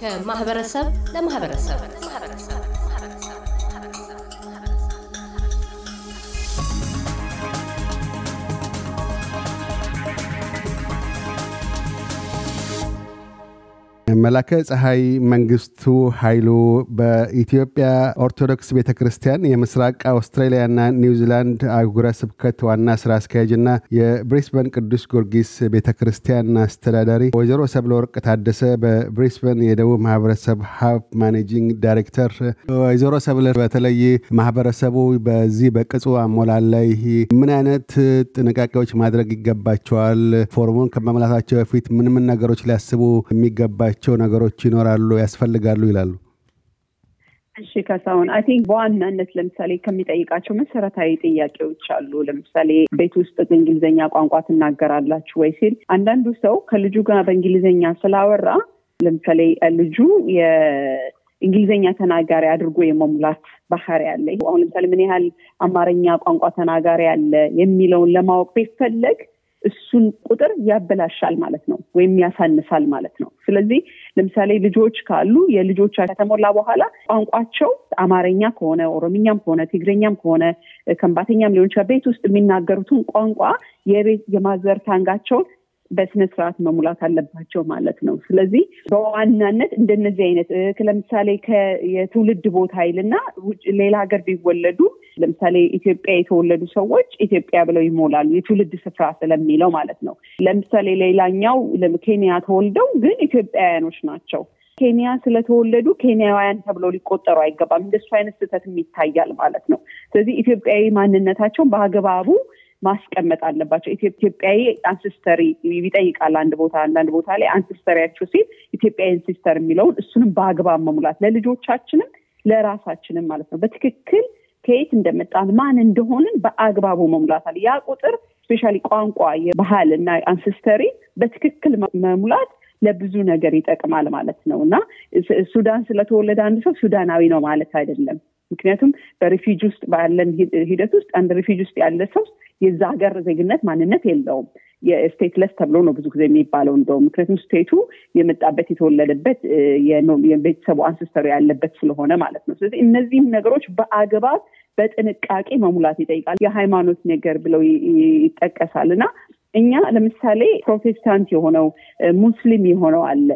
ከማህበረሰብ ለማህበረሰብ መላከ ፀሐይ መንግስቱ ኃይሉ በኢትዮጵያ ኦርቶዶክስ ቤተ ክርስቲያን የምስራቅ አውስትራሊያና ኒውዚላንድ አህጉረ ስብከት ዋና ስራ አስኪያጅና የብሪስበን ቅዱስ ጊዮርጊስ ቤተ ክርስቲያን አስተዳዳሪ፣ ወይዘሮ ወርቅ ታደሰ በብሪስበን የደቡብ ማህበረሰብ ሀብ ማኔጂንግ ዳይሬክተር። ወይዘሮ ሰብለ በተለይ ማህበረሰቡ በዚህ በቅጹ አሞላል ላይ ምን አይነት ጥንቃቄዎች ማድረግ ይገባቸዋል? ፎርሙን ከመምላታቸው በፊት ምን ምን ነገሮች ሊያስቡ የሚገባቸው የሚያስፈልጋቸው ነገሮች ይኖራሉ ያስፈልጋሉ ይላሉ እሺ ከሳሁን አይ ቲንክ በዋናነት ለምሳሌ ከሚጠይቃቸው መሰረታዊ ጥያቄዎች አሉ። ለምሳሌ ቤት ውስጥ በእንግሊዝኛ ቋንቋ ትናገራላችሁ ወይ ሲል አንዳንዱ ሰው ከልጁ ጋር በእንግሊዝኛ ስላወራ ለምሳሌ ልጁ የእንግሊዝኛ ተናጋሪ አድርጎ የመሙላት ባህሪ አለ። አሁን ለምሳሌ ምን ያህል አማርኛ ቋንቋ ተናጋሪ አለ የሚለውን ለማወቅ ቢፈለግ እሱን ቁጥር ያበላሻል ማለት ነው ወይም ያሳንሳል ማለት ነው። ስለዚህ ለምሳሌ ልጆች ካሉ የልጆች ከተሞላ በኋላ ቋንቋቸው አማርኛ ከሆነ ኦሮምኛም ከሆነ ትግረኛም ከሆነ ከንባተኛም ሊሆን ይችላል። ቤት ውስጥ የሚናገሩትን ቋንቋ የቤት የማዘር ታንጋቸውን በስነስርዓት መሙላት አለባቸው ማለት ነው። ስለዚህ በዋናነት እንደነዚህ አይነት ለምሳሌ የትውልድ ቦታ ይልና ሌላ ሀገር ቢወለዱ ለምሳሌ ኢትዮጵያ የተወለዱ ሰዎች ኢትዮጵያ ብለው ይሞላሉ፣ የትውልድ ስፍራ ስለሚለው ማለት ነው። ለምሳሌ ሌላኛው ኬንያ ተወልደው ግን ኢትዮጵያውያኖች ናቸው ኬንያ ስለተወለዱ ኬንያውያን ተብለው ሊቆጠሩ አይገባም። እንደሱ አይነት ስህተትም ይታያል ማለት ነው። ስለዚህ ኢትዮጵያዊ ማንነታቸውን በአግባቡ ማስቀመጥ አለባቸው። ኢትዮጵያዊ አንስስተሪ ይጠይቃል። አንድ ቦታ አንዳንድ ቦታ ላይ አንስስተሪያቸው ሲል ኢትዮጵያዊ አንሲስተር የሚለውን እሱንም በአግባብ መሙላት ለልጆቻችንም ለራሳችንም ማለት ነው። በትክክል ከየት እንደመጣን ማን እንደሆንን በአግባቡ መሙላታል። ያ ቁጥር ስፔሻሊ ቋንቋ፣ የባህል እና አንስስተሪ በትክክል መሙላት ለብዙ ነገር ይጠቅማል ማለት ነው እና ሱዳን ስለተወለደ አንድ ሰው ሱዳናዊ ነው ማለት አይደለም። ምክንያቱም በሪፊጅ ውስጥ ባለን ሂደት ውስጥ አንድ ሪፊጅ ውስጥ ያለ ሰው የዛ ሀገር ዜግነት ማንነት የለውም። የስቴትለስ ተብሎ ነው ብዙ ጊዜ የሚባለው እንደው ምክንያቱም ስቴቱ የመጣበት የተወለደበት የቤተሰቡ አንስስተሩ ያለበት ስለሆነ ማለት ነው። ስለዚህ እነዚህም ነገሮች በአግባብ በጥንቃቄ መሙላት ይጠይቃል። የሃይማኖት ነገር ብለው ይጠቀሳል እና እኛ ለምሳሌ ፕሮቴስታንት የሆነው ሙስሊም የሆነው አለ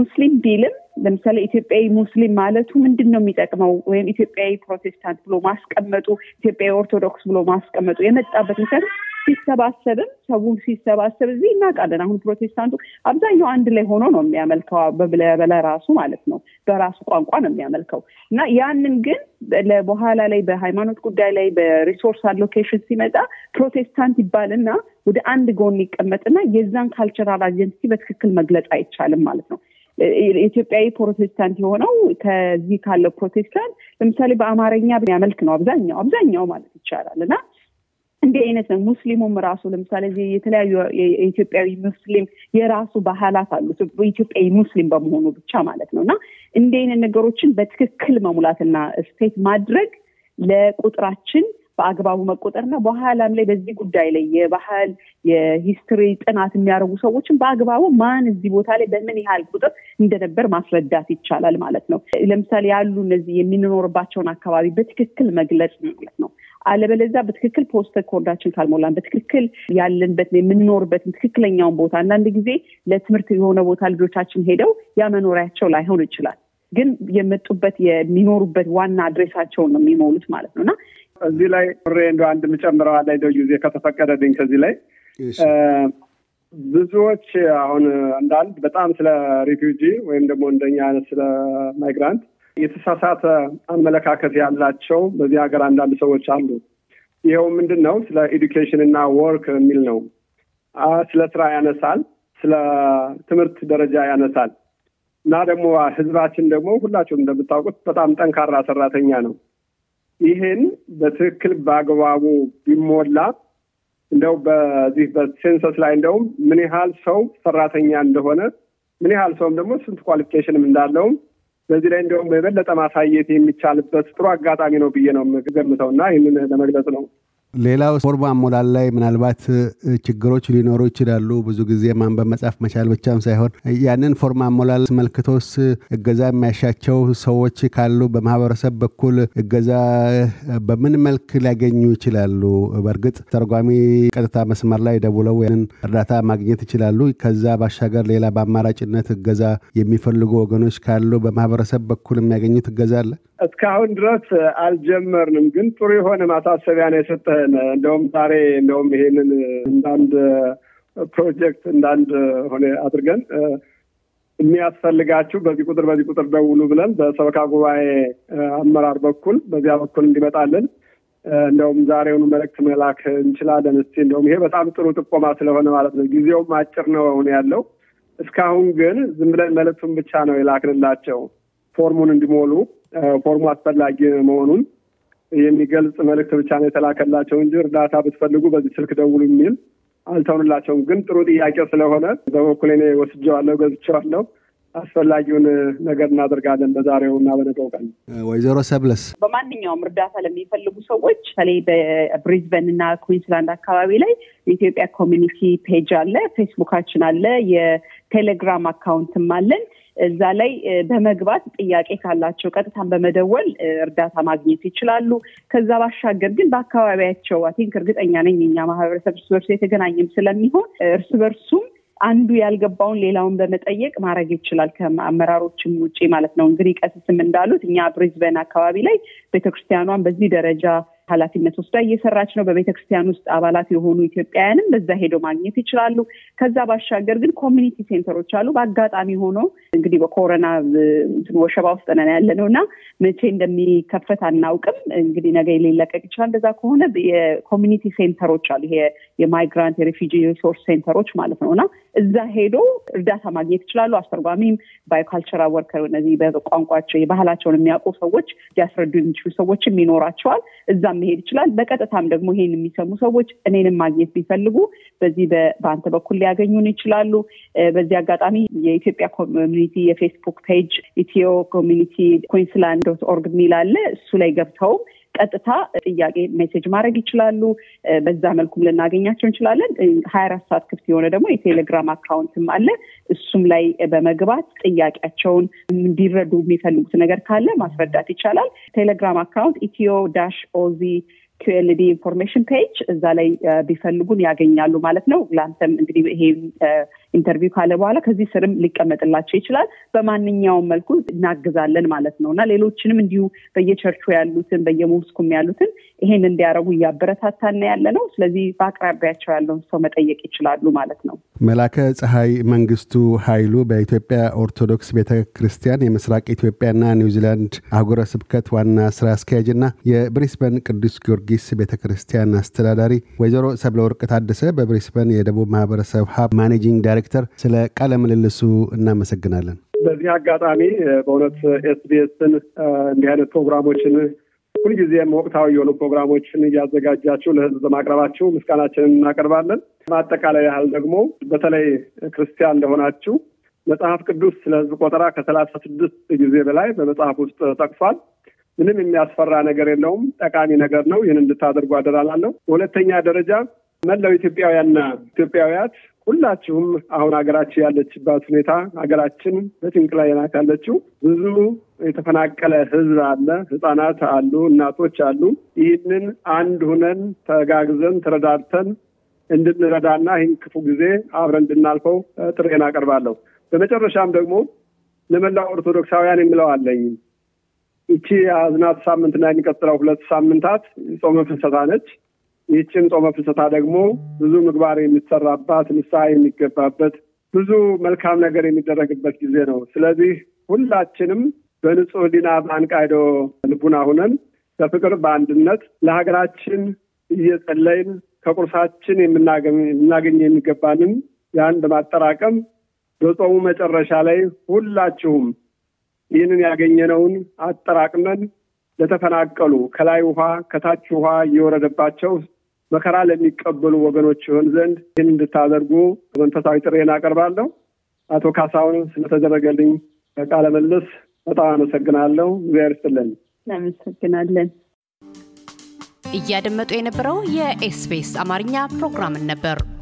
ሙስሊም ቢልም ለምሳሌ ኢትዮጵያዊ ሙስሊም ማለቱ ምንድን ነው የሚጠቅመው? ወይም ኢትዮጵያዊ ፕሮቴስታንት ብሎ ማስቀመጡ፣ ኢትዮጵያዊ ኦርቶዶክስ ብሎ ማስቀመጡ የመጣበት ምክንያት ሲሰባሰብም ሰውም ሲሰባሰብ እዚህ እናውቃለን። አሁን ፕሮቴስታንቱ አብዛኛው አንድ ላይ ሆኖ ነው የሚያመልከው ራሱ ማለት ነው። በራሱ ቋንቋ ነው የሚያመልከው እና ያንን ግን ለበኋላ ላይ በሃይማኖት ጉዳይ ላይ በሪሶርስ አሎኬሽን ሲመጣ ፕሮቴስታንት ይባልና ወደ አንድ ጎን ይቀመጥና የዛን ካልቸራል አጀንሲ በትክክል መግለጽ አይቻልም ማለት ነው። ኢትዮጵያዊ ፕሮቴስታንት የሆነው ከዚህ ካለው ፕሮቴስታንት ለምሳሌ በአማርኛ ያመልክ ነው አብዛኛው አብዛኛው ማለት ይቻላል እና እንዲህ አይነት ነው። ሙስሊሙም ራሱ ለምሳሌ የተለያዩ የኢትዮጵያዊ ሙስሊም የራሱ ባህላት አሉት ኢትዮጵያዊ ሙስሊም በመሆኑ ብቻ ማለት ነው እና እንዲህ አይነት ነገሮችን በትክክል መሙላትና ስቴት ማድረግ ለቁጥራችን በአግባቡ መቆጠርና በኋላም ላይ በዚህ ጉዳይ ላይ የባህል የሂስትሪ ጥናት የሚያደርጉ ሰዎችን በአግባቡ ማን እዚህ ቦታ ላይ በምን ያህል ቁጥር እንደነበር ማስረዳት ይቻላል ማለት ነው። ለምሳሌ ያሉ እነዚህ የምንኖርባቸውን አካባቢ በትክክል መግለጽ ማለት ነው። አለበለዚያ በትክክል ፖስተ ኮርዳችን ካልሞላን በትክክል ያለንበት የምንኖርበትን ትክክለኛውን ቦታ አንዳንድ ጊዜ ለትምህርት የሆነ ቦታ ልጆቻችን ሄደው ያ መኖሪያቸው ላይሆን ይችላል ግን የመጡበት የሚኖሩበት ዋና አድሬሳቸውን ነው የሚሞሉት ማለት ነው እና እዚህ ላይ ሬ እንደ አንድ ምጨምረዋ ላይ ደው ጊዜ ከተፈቀደልኝ ከዚህ ላይ ብዙዎች አሁን አንዳንድ በጣም ስለ ሪፊጂ ወይም ደግሞ እንደኛ አይነት ስለ ማይግራንት የተሳሳተ አመለካከት ያላቸው በዚህ ሀገር አንዳንድ ሰዎች አሉ። ይኸው ምንድን ነው ስለ ኤዱኬሽን እና ወርክ የሚል ነው። ስለ ስራ ያነሳል፣ ስለ ትምህርት ደረጃ ያነሳል እና ደግሞ ህዝባችን ደግሞ ሁላችሁም እንደምታውቁት በጣም ጠንካራ ሰራተኛ ነው። ይህን በትክክል በአግባቡ ቢሞላ እንደው በዚህ በሴንሰስ ላይ እንደውም ምን ያህል ሰው ሰራተኛ እንደሆነ ምን ያህል ሰውም ደግሞ ስንት ኳሊፊኬሽንም እንዳለውም በዚህ ላይ እንደውም የበለጠ ማሳየት የሚቻልበት ጥሩ አጋጣሚ ነው ብዬ ነው የምገምተው እና ይህንን ለመግለጽ ነው። ሌላው ፎርም አሞላል ላይ ምናልባት ችግሮች ሊኖሩ ይችላሉ። ብዙ ጊዜ ማንበብ መጻፍ መቻል ብቻም ሳይሆን ያንን ፎርም አሞላል አስመልክቶስ እገዛ የሚያሻቸው ሰዎች ካሉ በማህበረሰብ በኩል እገዛ በምን መልክ ሊያገኙ ይችላሉ? በእርግጥ ተርጓሚ ቀጥታ መስመር ላይ ደውለው ያንን እርዳታ ማግኘት ይችላሉ። ከዛ ባሻገር ሌላ በአማራጭነት እገዛ የሚፈልጉ ወገኖች ካሉ በማህበረሰብ በኩል የሚያገኙት እገዛ አለ? እስካሁን ድረስ አልጀመርንም፣ ግን ጥሩ የሆነ ማሳሰቢያ ነው የሰጠህን። እንደውም ዛሬ እንደውም ይሄንን እንዳንድ ፕሮጀክት እንዳንድ ሆነ አድርገን የሚያስፈልጋችሁ በዚህ ቁጥር በዚህ ቁጥር ደውሉ ብለን በሰበካ ጉባኤ አመራር በኩል በዚያ በኩል እንዲመጣልን እንደውም ዛሬውኑ መልእክት መላክ እንችላለን። እስቲ እንደውም ይሄ በጣም ጥሩ ጥቆማ ስለሆነ ማለት ነው። ጊዜውም አጭር ነው አሁን ያለው። እስካሁን ግን ዝም ብለን መልእክቱን ብቻ ነው የላክንላቸው ፎርሙን እንዲሞሉ ፎርሙ አስፈላጊ መሆኑን የሚገልጽ መልእክት ብቻ ነው የተላከላቸው እንጂ እርዳታ ብትፈልጉ በዚህ ስልክ ደውሉ የሚል አልተውንላቸውም። ግን ጥሩ ጥያቄ ስለሆነ በበኩሌ እኔ ወስጀዋለሁ፣ ገዝቼዋለሁ። አስፈላጊውን ነገር እናደርጋለን በዛሬው እና በነገው ቀን። ወይዘሮ ሰብለስ በማንኛውም እርዳታ ለሚፈልጉ ሰዎች በተለይ በብሪዝበን እና ኩዊንስላንድ አካባቢ ላይ የኢትዮጵያ ኮሚኒቲ ፔጅ አለ፣ ፌስቡካችን አለ፣ የቴሌግራም አካውንትም አለን። እዛ ላይ በመግባት ጥያቄ ካላቸው ቀጥታን በመደወል እርዳታ ማግኘት ይችላሉ። ከዛ ባሻገር ግን በአካባቢያቸው አቲንክ እርግጠኛ ነኝ የኛ ማህበረሰብ እርስ በርሱ የተገናኘም ስለሚሆን እርስ በርሱም አንዱ ያልገባውን ሌላውን በመጠየቅ ማድረግ ይችላል። ከአመራሮችም ውጭ ማለት ነው። እንግዲህ ቀስስም እንዳሉት እኛ ብሪዝበን አካባቢ ላይ ቤተክርስቲያኗን በዚህ ደረጃ ኃላፊነት ወስዳ እየሰራች ነው። በቤተ ክርስቲያን ውስጥ አባላት የሆኑ ኢትዮጵያውያንም በዛ ሄደው ማግኘት ይችላሉ። ከዛ ባሻገር ግን ኮሚኒቲ ሴንተሮች አሉ። በአጋጣሚ ሆኖ እንግዲህ በኮሮና ወሸባ ውስጥ ነን ያለ ነው እና መቼ እንደሚከፈት አናውቅም። እንግዲህ ነገ ሊለቀቅ ይችላል። እንደዛ ከሆነ የኮሚኒቲ ሴንተሮች አሉ። ይሄ የማይግራንት የሪፊጂ ሪሶርስ ሴንተሮች ማለት ነው እና እዛ ሄዶ እርዳታ ማግኘት ይችላሉ። አስተርጓሚም፣ ባዮካልቸራል ወርከር እነዚህ በቋንቋቸው የባህላቸውን የሚያውቁ ሰዎች ሊያስረዱ የሚችሉ ሰዎችም ይኖራቸዋል። እዛም መሄድ ይችላል። በቀጥታም ደግሞ ይሄን የሚሰሙ ሰዎች እኔንም ማግኘት ቢፈልጉ በዚህ በአንተ በኩል ሊያገኙን ይችላሉ። በዚህ አጋጣሚ የኢትዮጵያ ኮሚኒቲ የፌስቡክ ፔጅ ኢትዮ ኮሚኒቲ ኩንስላንድ ዶት ኦርግ የሚል እሱ ላይ ገብተውም ቀጥታ ጥያቄ ሜሴጅ ማድረግ ይችላሉ። በዛ መልኩም ልናገኛቸው እንችላለን። ሀያ አራት ሰዓት ክፍት የሆነ ደግሞ የቴሌግራም አካውንትም አለ። እሱም ላይ በመግባት ጥያቄያቸውን እንዲረዱ የሚፈልጉት ነገር ካለ ማስረዳት ይቻላል። ቴሌግራም አካውንት ኢትዮ ዳሽ ኦዚ ኪዩኤልዲ ኢንፎርሜሽን ፔጅ እዛ ላይ ቢፈልጉን ያገኛሉ ማለት ነው። ለአንተም እንግዲህ ይሄ ኢንተርቪው ካለ በኋላ ከዚህ ስርም ሊቀመጥላቸው ይችላል። በማንኛውም መልኩ እናግዛለን ማለት ነው እና ሌሎችንም እንዲሁ በየቸርቹ ያሉትን በየሞስኩም ያሉትን ይሄን እንዲያረጉ እያበረታታና ያለ ነው። ስለዚህ በአቅራቢያቸው ያለውን ሰው መጠየቅ ይችላሉ ማለት ነው። መላከ ፀሐይ መንግስቱ ኃይሉ በኢትዮጵያ ኦርቶዶክስ ቤተ ክርስቲያን የምስራቅ ኢትዮጵያና ኒውዚላንድ አህጉረ ስብከት ዋና ስራ አስኪያጅና የብሪስበን ቅዱስ ጊዮርጊስ ቤተ ክርስቲያን አስተዳዳሪ፣ ወይዘሮ ሰብለወርቅ ታደሰ በብሪስበን የደቡብ ማህበረሰብ ሀብ ማኔጂንግ ዳይሬክተር ዳይሬክተር፣ ስለ ቃለ ምልልሱ እናመሰግናለን። በዚህ አጋጣሚ በእውነት ኤስቢኤስን እንዲህ አይነት ፕሮግራሞችን ሁልጊዜም ወቅታዊ የሆኑ ፕሮግራሞችን እያዘጋጃችሁ ለህዝብ በማቅረባችሁ ምስጋናችንን እናቀርባለን። ማጠቃለያ ያህል ደግሞ በተለይ ክርስቲያን እንደሆናችሁ መጽሐፍ ቅዱስ ስለ ህዝብ ቆጠራ ከሰላሳ ስድስት ጊዜ በላይ በመጽሐፍ ውስጥ ጠቅሷል። ምንም የሚያስፈራ ነገር የለውም። ጠቃሚ ነገር ነው። ይህን እንድታደርጉ አደራላለሁ። በሁለተኛ ደረጃ መላው ኢትዮጵያውያንና ኢትዮጵያውያት ሁላችሁም አሁን ሀገራችን ያለችባት ሁኔታ ሀገራችን በጭንቅ ላይ ናት ያለችው። ብዙ የተፈናቀለ ህዝብ አለ፣ ህጻናት አሉ፣ እናቶች አሉ። ይህንን አንድ ሁነን ተጋግዘን ተረዳድተን እንድንረዳና ይህን ክፉ ጊዜ አብረን እንድናልፈው ጥሬን አቀርባለሁ። በመጨረሻም ደግሞ ለመላው ኦርቶዶክሳውያን የምለው አለኝ። ይቺ የአዝናት ሳምንትና የሚቀጥለው ሁለት ሳምንታት ጾመ ፍልሰታ ነች። ይህችን ጾመ ፍልሰታ ደግሞ ብዙ ምግባር የሚሰራባት ንስሐ የሚገባበት ብዙ መልካም ነገር የሚደረግበት ጊዜ ነው። ስለዚህ ሁላችንም በንጹህ ሕሊና በአንቃይዶ ልቡና ሁነን በፍቅር በአንድነት ለሀገራችን እየጸለይን ከቁርሳችን የምናገኝ የሚገባንን ያን በማጠራቀም በጾሙ መጨረሻ ላይ ሁላችሁም ይህንን ያገኘነውን አጠራቅመን ለተፈናቀሉ ከላይ ውሃ ከታች ውሃ እየወረደባቸው መከራ ለሚቀበሉ ወገኖች ይሆን ዘንድ ይህን እንድታደርጉ መንፈሳዊ ጥሬን አቀርባለሁ። አቶ ካሳሁን ስለተደረገልኝ ቃለ መልስ በጣም አመሰግናለሁ። እግዚአብሔር ይስጥልኝ። እናመሰግናለን። እያደመጡ የነበረው የኤስፔስ አማርኛ ፕሮግራምን ነበር።